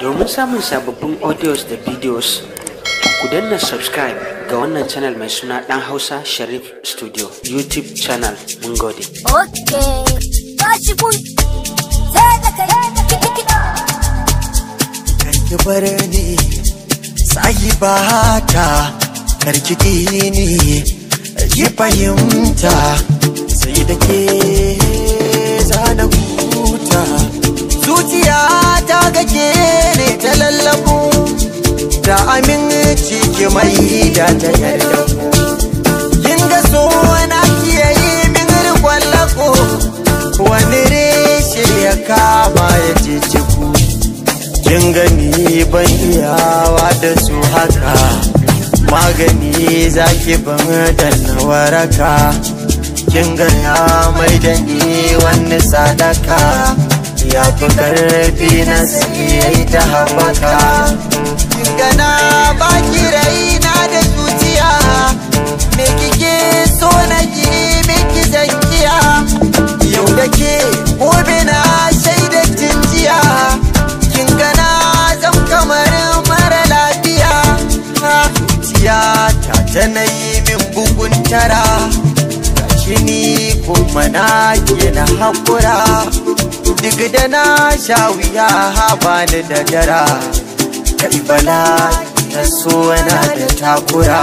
domin samun sababbin audios da videos ku danna subscribe ga wannan channel mai suna dan hausa sharif studio youtube channel mun gode karki bar ni sahiba yi fahimta mai da ta yarda kin ga so na kiye yi min rikon lako wani reshe ya kama ya ce ku kin gani ban iyawa da su haka magani zaki ban da na waraka kin ga ya mai da ni wani sadaka ya fi karfi na siyai ta haɓaka kin ga na baki rai ta na yi min bugun tara gashi ni kuma na na haƙura duk da na sha wuya haba ni da dara kai bala ta so na da takura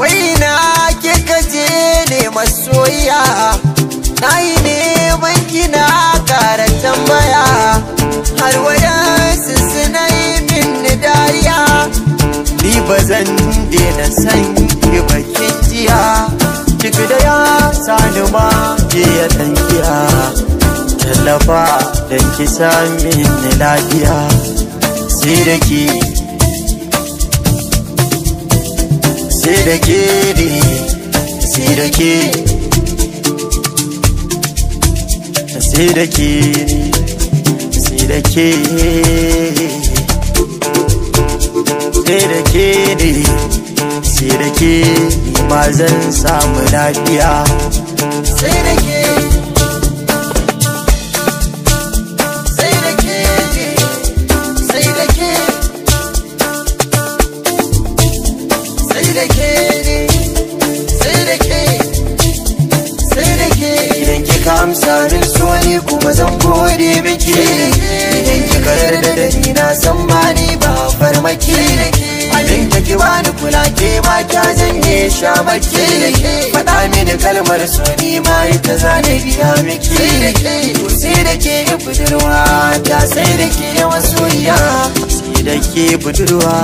wai na ke kaje ne masoya na yi neman kina ƙara tambaya zan na san ki bakin jiya ciki da ya sani ma ke ya kiya tallafa da ki sami ni lafiya sai da ke sai da ke ne sai da ke sai da ke sai da ke ne sai da ke ma zan samu lafiya sai da ke amsarin kuma zan gode miki idan ki Sai da dani na san ba ni ba farmaki ki bani kula ke ma kya janye sha baki da mini kalmar so ni ma ita zane biya miki da ke sai da ke budurwa ta sai da ke masoyiya sai da ke budurwa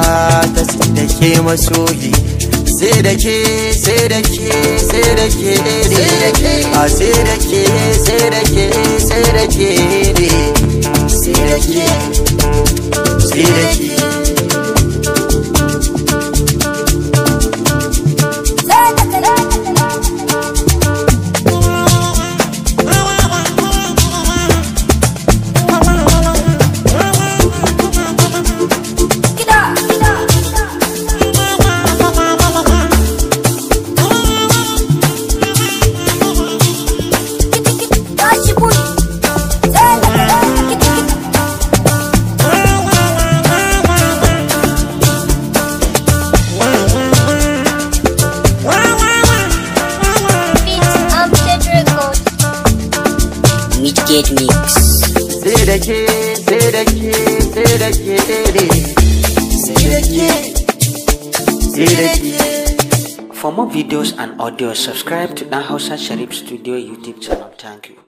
ta sai da ke masoyi sai da ke sai da ke sai da ke sai da ke sai da ke sai da ke sai da ke Mix. For more videos and audio, subscribe to Nahosa Sharif Studio YouTube channel. Thank you.